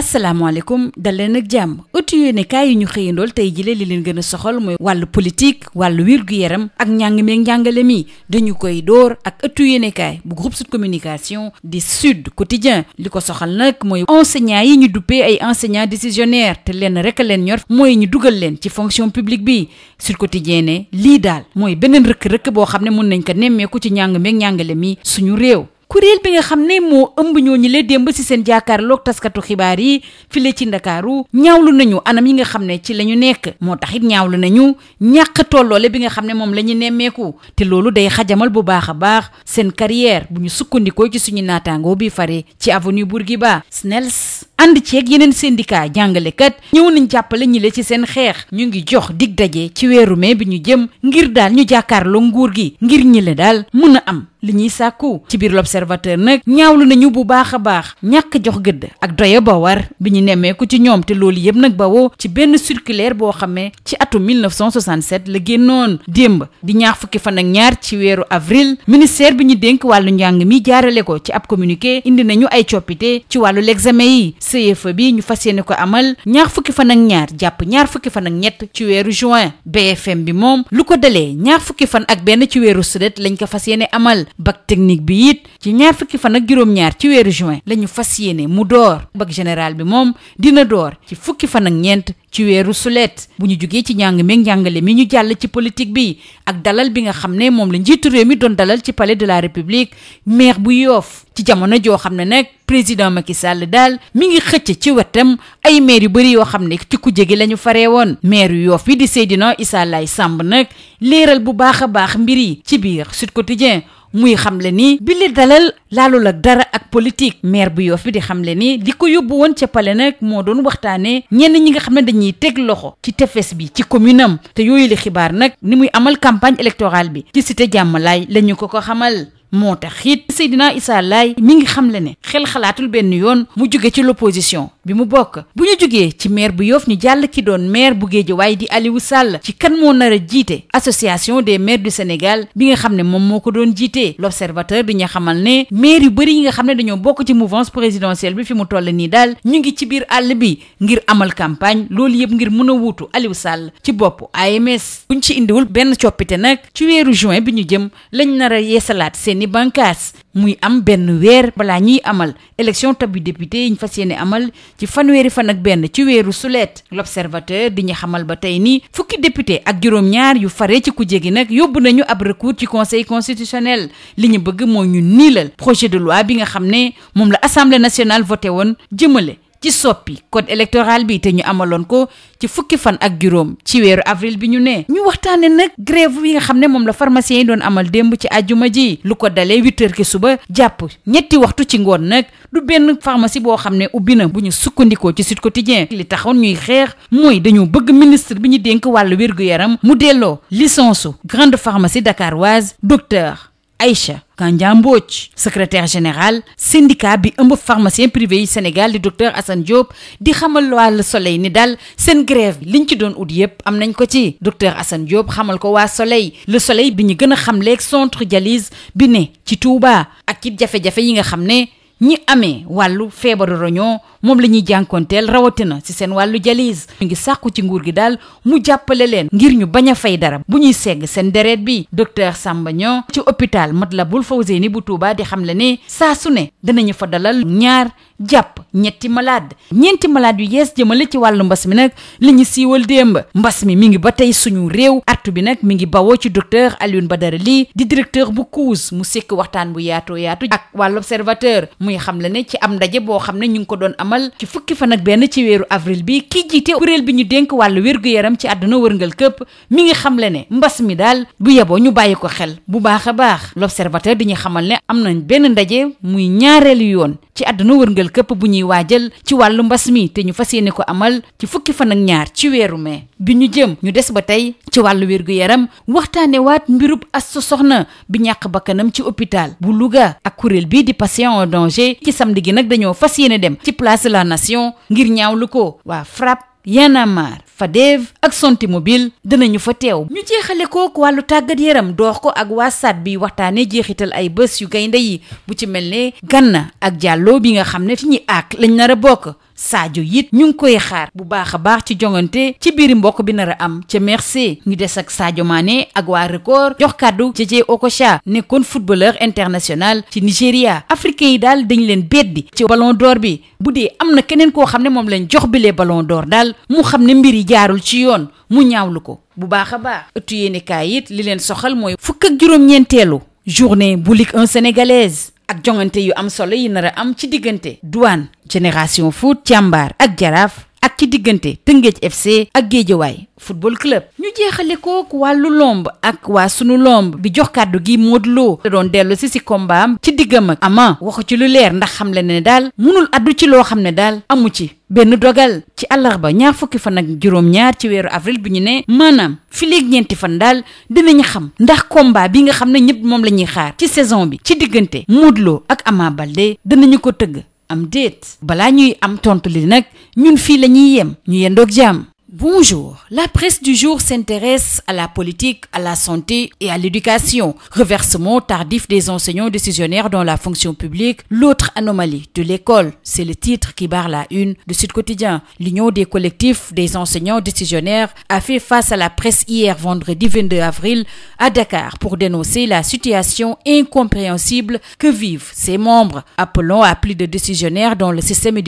asalaamaaleykum dal leen ak jàmm ëttu yéenekaay yi ñu xëyandool tey jile li leen gën a soxal mooy wàllu politique wàllu wér-gu-yaram ak njàng meeg njàngale mi dañu koy door ak ëttu yéenekaay bu groupe Sud Communication di Sud Quotidien li ko soxal nag mooy enseignants yi ñu duppee ay enseignants décisionnaires te leen rek a leen ñor mooy ñu dugal leen ci fonction publique bi Sud Quotidien ne lii daal mooy beneen rëkk-rëkk boo xam ne mun nañ ko nemmeeku ci njàng njàngale mi suñu réew kuréel bi nga xam ne moo ëmb ñooñu lee démb si seen jàkkaarloog taskatu xibaar yi file ci ndakaaru ñaawlu nañu anam yi nga xam ne ci la ñu nekk moo tax it ñaawlu nañu ñàkk tolloole bi nga xam ne moom la ñu nemmeeku te loolu day xajamal bu baax a baax seen carrière bu ñu sukkandikoo ci suñu naataangoo bi fare ci avenue Bourguiba SNELS ànd ceeg yeneen seen syndicat jàngalekat ñëw nañ jàppale ñi le ci seen xeex ñu ngi jox dig daje ci weeru mais bi ñu jëm ngir daal ñu jàkkaarloo nguur gi ngir ñi daal mun a am li ñuy sàkku ci biir l'observateur nag ñaawlu nañu bu baax a baax ñàkk jox gëdd ak doya ba war bi ñu ko ci ñoom te loolu yëpp nag bawoo ci benn circulaire boo xamee ci atum 1967 la génnoon démb di ñaar fukki fan ak ñaar ci weeru avril ministère bi ñu dénk wàllu njàng mi jaarale ko ci ab communiqué indi nañu ay coppite ci wàllu l'examen yi CFEE bi ñu fas yéene ko amal ñaar fukki fan ak ñaar jàpp ñaar fukki fan ak ñett ci weeru juin BFM bi moom lu ko delee ñaar fukki fan ak benn ci weeru sulet lañ ko fas yéene amal bac technique bi it ci ñaar fukki fan ak juróom-ñaar ci weeru juin la ñu fas yéene mu door bac général bi moom dina door ci fukki fan ak ñeent ci weeru sulet bu ñu jógee ci njàng meeg njàngale mi ñu jàll ci politique bi ak dalal bi nga xam ne moom la njiitu réew mi doon dalal ci palais de la république maire bu yoof ci jamono joo xam ne nag président Macky Sall daal mi ngi xëcc ci wetam ay maire yu bëri yoo xam ne ci ku jege la ñu faree woon maire yu Yoff yi di Seydina Issa Laye Samb nag leeral bu baax a baax mbir yi ci biir Sud Quotidien muy xam xamle ni billi li dalal laalul ak dara ak politique mair bu yoof bi di xam xamle ni li ko yóbbu woon ceppale nag moo doon waxtaanee ñenn ñi nga xam ne dañuy teg loxo ci tefes bi ci commune am te yooyu li xibaar nag ni muy amal campagne électorale bi ci cité jàmmalaay la moo tax it Seydina Issa Laye mi ngi le ne xel xalaatul benn yoon mu juge ci l'opposition bi mu bokk bu ñu jógee ci maire bu Yoff ñu jàll ki doon maire bu waaye di Aliou Sall ci kan moo nar a jiite association des maires du Sénégal bi nga xam ne moom moo ko doon jiitee l'observateur di ñu xamal ne maire yu bëri yi nga xam ne dañoo bokk ci mouvance présidentielle bi fi mu toll nii daal ñu ngi ci biir àll bi ngir amal campagne loolu yëpp ngir mën a wuutu Aliou Sall ci bopp AMS buñ ci indiwul benn coppite nag ci weeru juin bi ñu jëm lañ nar a yeesalaat seeni bànqaas muy am benn weer balaa ñuy amal election tabu député yi ñu fas yéene amal ci fan weeri fan ak benn ci weeru suleet l'observateur di ñu xamal ba tey nii fukki député ak juróom-ñaar yu fare ci kujje gi nag yóbbu nañu ab recours ci conseil constitutionnel li ñu bëgg mooy ñu niilal projet de loi bi nga xam ne moom la assemblée nationale voté woon jëmale ci soppi code électoral bi te ñu amaloon ko ci fukki fan ak juróom ci weeru avril bi ñu nee ñu waxtaane nag grève wi nga xam ne moom la pharmacien yi doon amal démb ci àjjuma ji lu ko dalee huit ki suba jàpp ñetti waxtu ci ngoon nag du benn pharmacie boo xam ne ubbi na bu ñu sukkandikoo ci Sud Quotidien li taxoon ñuy xeex mooy dañu bëgg ministre bi ñu dénk wàllu wér yaram mu delloo licence grande pharmacie dakaroise docteur Aïcha Kandia Mbodj secrétaire général syndicat bi ëmb pharmacien privé yi Sénégal di docteur assan Diop di xamal waa Le Soleil ni daal seen grève liñ ci doon ut yëpp am nañ ko ci docteur assan Diop xamal ko waa Soleil Le Soleil bi ñu gën a xamleeg centre dialyse bi ne ci Touba ak ci jafe-jafe yi nga xam ne ñi amee wàllu feebaru roño moom la ñuy jànkoonteel rawatina si seen wàllu jalis ñu ngi sàkku ci nguur gi daal mu jàppale leen ngir ñu bañ a fay dara bu ñuy segg seen deret bi docteur Samba ñoo ci hôpital Matlaboul Fawzeyni bu tuubaa di xam le ne saa su ne dinañu fa dalal ñaar jàpp ñetti malade ñeenti malade yu yees jëmale ci wàllu mbas mi nag li ñu siiwal démb mbas mi mi ngi ba tey suñu réew artu bi nag mi ngi bawoo ci docteur Alioune Badara lii di directeur bu COUS mu sekk waxtaan bu yaatoo yaatu ak wàllu observateur muy xam la ne ci am ndaje boo xam ne ñu ngi ko doon amal ci fukki fan ak benn ci weeru avril bi kii jiite kuréel bi ñu dénk wàllu wér yaram ci àdduna wërngal këpp mi ngi xam la ne mbas mi daal bu yeboo ñu bàyyi ko xel bu baax a baax l'observateur di ñu xamal ne am nañ benn ndaje muy ñaareelu yoon ci àdduna wërngal wërngël këpp bu ñuy waajal ci wàllu mbas mi te ñu fas yéene ko amal ci fukki fan ak ñaar ci weeru mai bi ñu jëm ñu des ba tey ci wàllu wér-gu-yaram waxtaane waat mbirub Astu Soxna bi ñàkk bakkanam ci hôpital bu Louga ak kuréel bii di patient en danger ci samedi gi nag dañoo fas yéene dem ci place de la nation ngir ñaawlu ko waa FRAPP Y en a FADEV ak Sontimobile dinañu fa teew ñu jeexale ko wàllu tàggat yaram doox ko ak waa SAD bi waxtaanee jeexital ay bés yu gaynde yi bu ci mel ne Gana ak Diallo bi nga xam ne fi ñuy àgg lañ nar a bokk Sadio yit ñu ngi koy xaar bu baax a baax ci jongante ci biir mbokk bi nar a am ca merci ñu des ak Sadio Mané ak waa record jox kàddu Jay Okocha nekkoon footballeur international ci Nigéria africain yi daal dañ leen beddi ci ballon door bi bu dee am na keneen koo xam ne moom lañ jox bile ballon d'or daal mu xam ne mbir yi jaarul ci yoon mu ñaawlu ko bu baax a baax ëttu yéenekaay it li leen soxal mooy fukk ak juróom-ñeenteelu journée bu ak jongante yu am solo yi nar a am ci diggante douane génération foot càmbaar ak jaraaf ak ci diggante Tëngéej FC ak Géejawaay football club ñu jeexale kook wàllu lomb ak waa sunu lomb bi jox kàddu gi Modou da doon dellu si si kombaam ci diggam ak ama waxu ci lu leer ndax xam le ne daal munul addu ci loo xam ne daal amu ci benn dogal ci àllarba ñaar fukki fan ak juróom-ñaar ci weeru avril bi ñu ne maanaam fi léeg ñeenti fan daal dinañu xam ndax combat bi nga xam ne ñëpp moom la ñuy xaar ci saison bi ci diggante Modou ak Ama Baldé dinañu ko tëgg am déet balaa ñuy am tontu li nag ñun fii la ñuy yem ñu yendoog jàmm Bonjour. La presse du jour s'intéresse à la politique, à la santé et à l'éducation. Reversement tardif des enseignants décisionnaires dans la fonction publique, l'autre anomalie de l'école. C'est le titre qui barre la une de Sud Quotidien. L'Union des collectifs des enseignants décisionnaires a fait face à la presse hier vendredi 22 avril à Dakar pour la situation incompréhensible que vivent ses membres. Appelant à de décisionnaires dans le système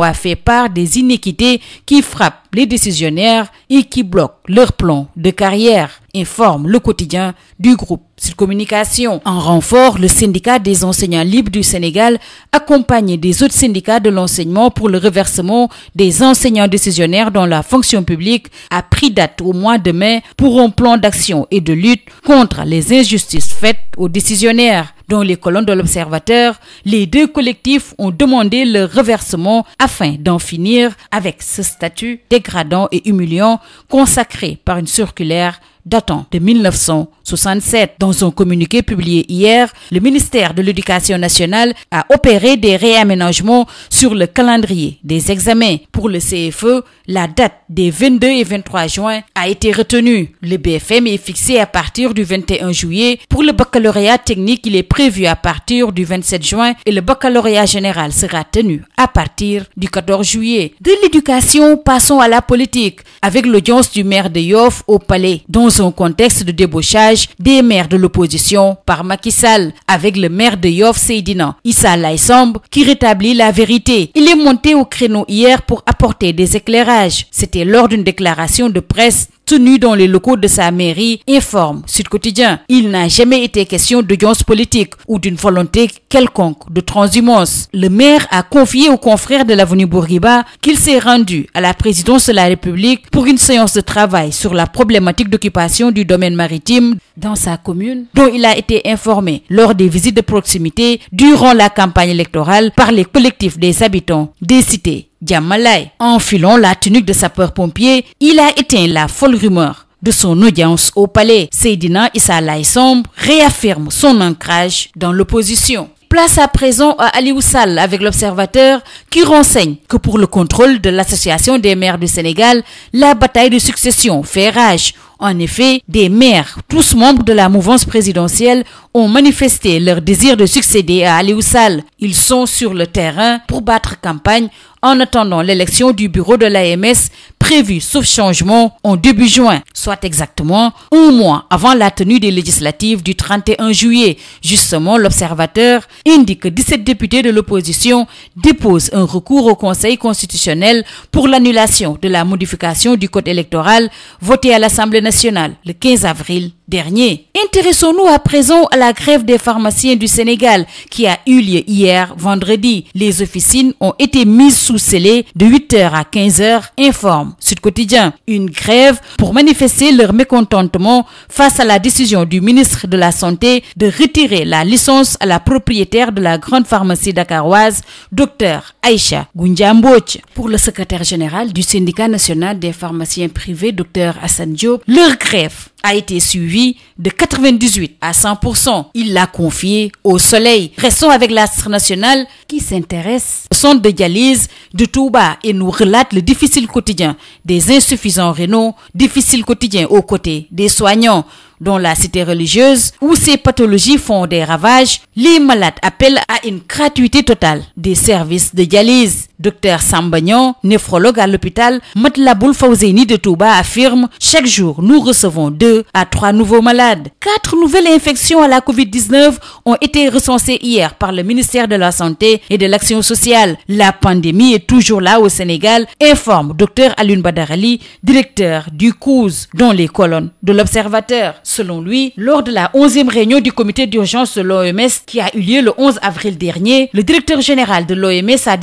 a fait part des inéquités qui frappent les décisionnaires et qui bloquent leur plan de carrière, informe le quotidien du groupe Sud Communication. En renfort, le syndicat des enseignants libres du Sénégal, accompagné des autres syndicats de l'enseignement pour le reversement des enseignants décisionnaires dans la fonction publique, a pris date au mois de mai pour un plan d'action et de lutte contre les injustices faites aux décisionnaires. Dans les colonnes de l'Observateur, les deux collectifs ont demandé le reversement afin d'en finir avec ce statut dégradant et humiliant consacré par une circulaire datant de 1900. 67. Dans son communiqué publié hier, le ministère de l'Éducation nationale a opéré des réaménagements sur le calendrier des examens. Pour le CFE, la date des 22 et 23 juin a été retenue. Le BFM est fixé à partir du 21 juillet. Pour le baccalauréat technique, il est prévu à partir du 27 juin et le baccalauréat général sera tenu à partir du juillet. De l'éducation, passons à la politique avec l'audience du maire de Yoff au palais. Dans un contexte de débauchage, parrainage des maires de l'opposition par Macky avec le maire de Yoff Seydina Issa Laye qui rétablit la vérité. Il est monté au créneau hier pour apporter des éclairages. C'était lors d'une déclaration de presse tenu dans les locaux de sa mairie, informe Sud Quotidien. Il n'a jamais été question d'audience politique ou d'une volonté quelconque de transhumance. Le maire a confié aux confrères de l'avenue Bourguiba qu'il s'est rendu à la présidence de la dans sa commune dont il a été informé lors des visites de proximité durant la campagne électorale par les collectifs des habitants des cités Diamalaye. Enfilant la tunique de sapeur-pompier, il a éteint la folle rumeur de son audience au palais. Seydina Issa Laye Samb réaffirme son ancrage dans l'opposition. Place à présent à Aliou Sall avec l'Observateur qui renseigne que pour le contrôle de l'Association des maires du Sénégal, la bataille de succession fait rage. En effet, des maires, tous membres de la mouvance présidentielle, ont manifesté leur désir de succéder à Aliou Sall. Ils sont sur le terrain pour battre campagne en attendant l'élection du bureau de l'AMS prévus sauf changement en début juin, soit exactement un mois avant la tenue des législatives du 31 juillet. Justement, l'Observateur indique que 17 députés de l'opposition déposent un recours au Conseil constitutionnel pour l'annulation de la modification du code électoral votée à l'Assemblée nationale le 15 avril dernier. Intéressons-nous à présent à la grève des pharmaciens du Sénégal qui a eu lieu hier vendredi. Les officines ont été mises sous scellé de 8 à 15 heures, informe Sud Quotidien. Une grève pour manifester leur mécontentement face à la décision du ministre de la Santé de retirer la licence à la propriétaire de la grande pharmacie dakaroise, docteur Aïcha Gunja Mbodj. Pour le secrétaire général du syndicat national des pharmaciens privés, docteur Hassan Diop, leur grève a été suivi de 98 à 100%. Il l'a confié au soleil. Restons avec l'astre national qui s'intéresse au de dialyse de Touba et nous relate le difficile quotidien des insuffisants rénaux, difficile quotidien aux côtés des soignants dont la cité religieuse, où ces pathologies font des ravages, les malades appellent à une gratuité totale des services de dialyse. Docteur Sambagnon, néphrologue à l'hôpital Matlaboul Fawzeni de Touba, affirme Chaque jour, nous recevons 2 à 3 nouveaux malades. Quatre nouvelles infections à la Covid-19 ont été recensées hier par le ministère de la Santé et de l'Action sociale. La pandémie est toujours là au Sénégal, informe Docteur Alioune Badara Ly, directeur du COUS, dans les colonnes de l'Observateur. Selon lui, lors de la 11e réunion du comité d'urgence de l'OMS qui a eu lieu le 11 directeur général de l'OMS a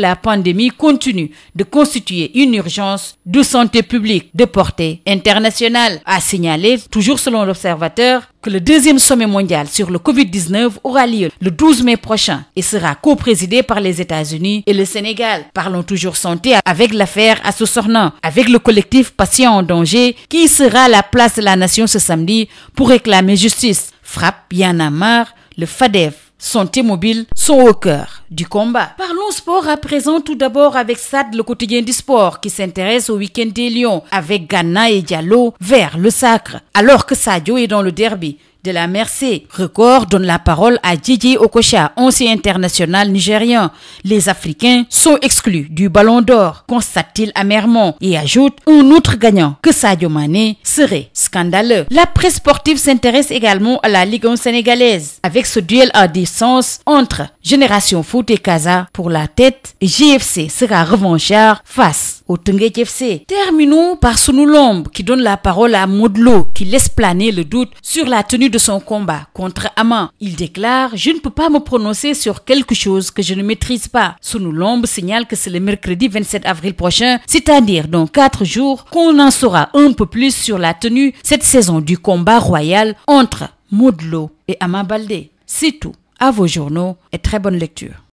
la pandémie continue de constituer une urgence de santé publique de portée internationale, a signalé, toujours selon l'Observateur, que le deuxième sommet mondial sur le Covid-19 aura lieu le 12 mai prochain et sera coprésidé par les États-Unis et le Sénégal. Parlons toujours santé avec l'affaire Astou Sorna, avec le collectif Patients en danger qui sera à la place de la nation ce samedi pour réclamer justice. FRAPP, Y en a marre, le FADEF Santé mobile sont au cœur du combat. Parlons sport à présent tout d'abord avec SAD, le quotidien du sport, qui s'intéresse au week-end des Lions, avec Ghana et Diallo vers le sacre, alors que Sadio est dans le derby. de la Mercé. Record donne la parole à Didier Okocha, ancien international nigérien. Les Africains sont exclus du Ballon d'Or, constate-t-il amèrement et ajoute un autre gagnant que Sadio Mané serait scandaleux. La presse sportive s'intéresse également à la Ligue 1 sénégalaise avec ce duel à distance entre Génération Foot et Casa pour la tête. GFC sera revanchard face au Tengej FC. Terminons par Sunulombe qui donne la parole à Modlo qui laisse planer le doute sur la tenue de son combat contre Ama. Il déclare "Je ne peux pas me prononcer sur quelque chose que je ne maîtrise pas." Sunulombe signale que c'est le mercredi 27 avril prochain, c'est-à-dire dans quatre jours, qu'on en saura un peu plus sur la tenue cette saison du combat royal entre Modlo et Ama Baldé. C'est tout. À vos journaux et très bonne lecture.